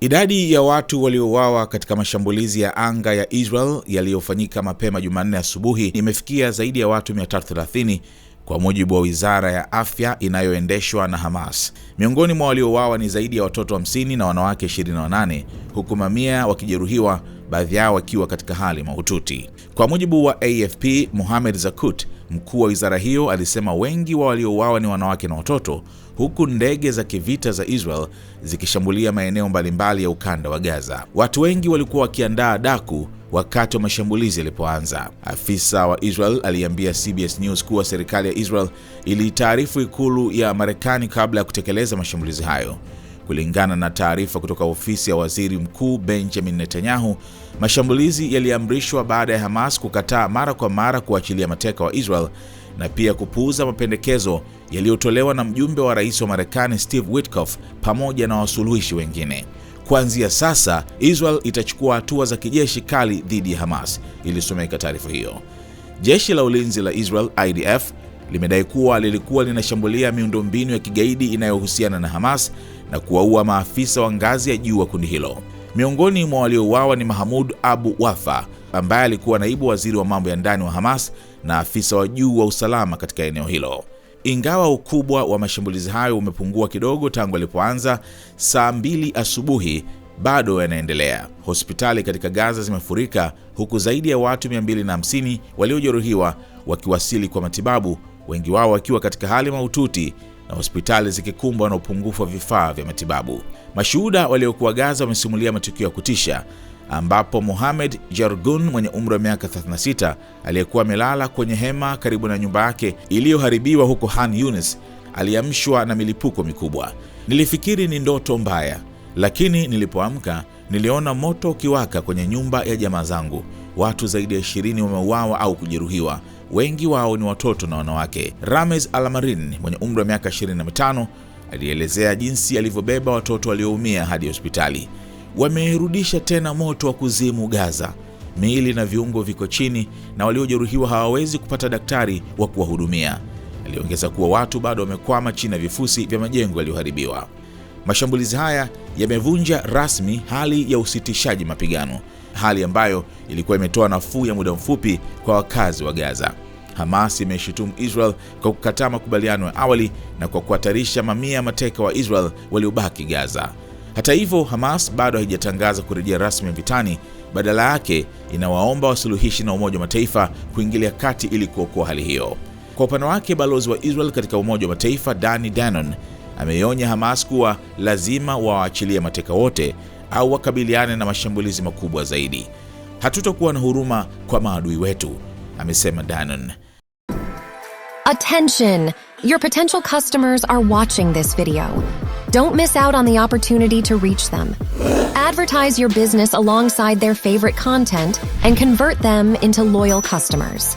Idadi ya watu waliouawa katika mashambulizi ya anga ya Israel yaliyofanyika mapema Jumanne asubuhi imefikia zaidi ya watu 330 kwa mujibu wa Wizara ya Afya inayoendeshwa na Hamas. Miongoni mwa waliouawa ni zaidi ya watoto 50 na wanawake 28 huku mamia wakijeruhiwa, baadhi yao wakiwa katika hali mahututi. Kwa mujibu wa AFP, Mohamed Zakut Mkuu wa wizara hiyo alisema wengi wa waliouawa ni wanawake na watoto, huku ndege za kivita za Israel zikishambulia maeneo mbalimbali ya ukanda wa Gaza. Watu wengi walikuwa wakiandaa daku wakati wa mashambulizi yalipoanza. Afisa wa Israel aliambia CBS News kuwa serikali ya Israel iliitaarifu ikulu ya Marekani kabla ya kutekeleza mashambulizi hayo. Kulingana na taarifa kutoka ofisi ya waziri mkuu Benjamin Netanyahu, mashambulizi yaliamrishwa baada ya Hamas kukataa mara kwa mara kuachilia mateka wa Israel na pia kupuuza mapendekezo yaliyotolewa na mjumbe wa rais wa Marekani Steve Witkoff pamoja na wasuluhishi wengine. Kuanzia sasa, Israel itachukua hatua za kijeshi kali dhidi ya Hamas, ilisomeka taarifa hiyo. Jeshi la ulinzi la Israel IDF limedai kuwa lilikuwa linashambulia miundombinu ya kigaidi inayohusiana na Hamas na kuwaua maafisa wa ngazi ya juu wa kundi hilo. Miongoni mwa waliouawa ni Mahamud Abu Wafa ambaye alikuwa naibu waziri wa mambo ya ndani wa Hamas na afisa wa juu wa usalama katika eneo hilo. Ingawa ukubwa wa mashambulizi hayo umepungua kidogo tangu alipoanza saa mbili asubuhi, bado yanaendelea. Hospitali katika Gaza zimefurika huku zaidi ya watu 250 waliojeruhiwa wakiwasili kwa matibabu, wengi wao wakiwa katika hali mahututi na hospitali zikikumbwa na upungufu wa vifaa vya matibabu. Mashuhuda waliokuwa Gaza wamesimulia matukio ya kutisha ambapo Mohamed Jargun mwenye umri wa miaka 36 aliyekuwa amelala kwenye hema karibu na nyumba yake iliyoharibiwa huko Han Yunis aliamshwa na milipuko mikubwa. Nilifikiri ni ndoto mbaya, lakini nilipoamka niliona moto ukiwaka kwenye nyumba ya jamaa zangu. Watu zaidi ya 20 wameuawa au kujeruhiwa wengi wao ni watoto na wanawake. Rames Alamarin mwenye umri wa miaka 25 alielezea jinsi alivyobeba watoto walioumia hadi hospitali. Wamerudisha tena moto wa kuzimu Gaza, miili na viungo viko chini na waliojeruhiwa hawawezi kupata daktari wa kuwahudumia. Aliongeza kuwa watu bado wamekwama chini ya vifusi vya majengo yaliyoharibiwa. Mashambulizi haya yamevunja rasmi hali ya usitishaji mapigano hali ambayo ilikuwa imetoa nafuu ya muda mfupi kwa wakazi wa Gaza. Hamas imeshutumu Israel kwa kukataa makubaliano ya awali na kwa kuhatarisha mamia ya mateka wa Israel waliobaki Gaza. Hata hivyo, Hamas bado haijatangaza kurejea rasmi vitani. Badala yake inawaomba wasuluhishi na Umoja wa Mataifa kuingilia kati ili kuokoa hali hiyo. Kwa upande wake, balozi wa Israel katika Umoja wa Mataifa Dani Danon ameionya Hamas kuwa lazima wawaachilie mateka wote au wakabiliane na mashambulizi makubwa zaidi. Hatutakuwa na huruma kwa maadui wetu, amesema Danon. Attention, your potential customers are watching this video. Don't miss out on the opportunity to reach them. Advertise your business alongside their favorite content and convert them into loyal customers.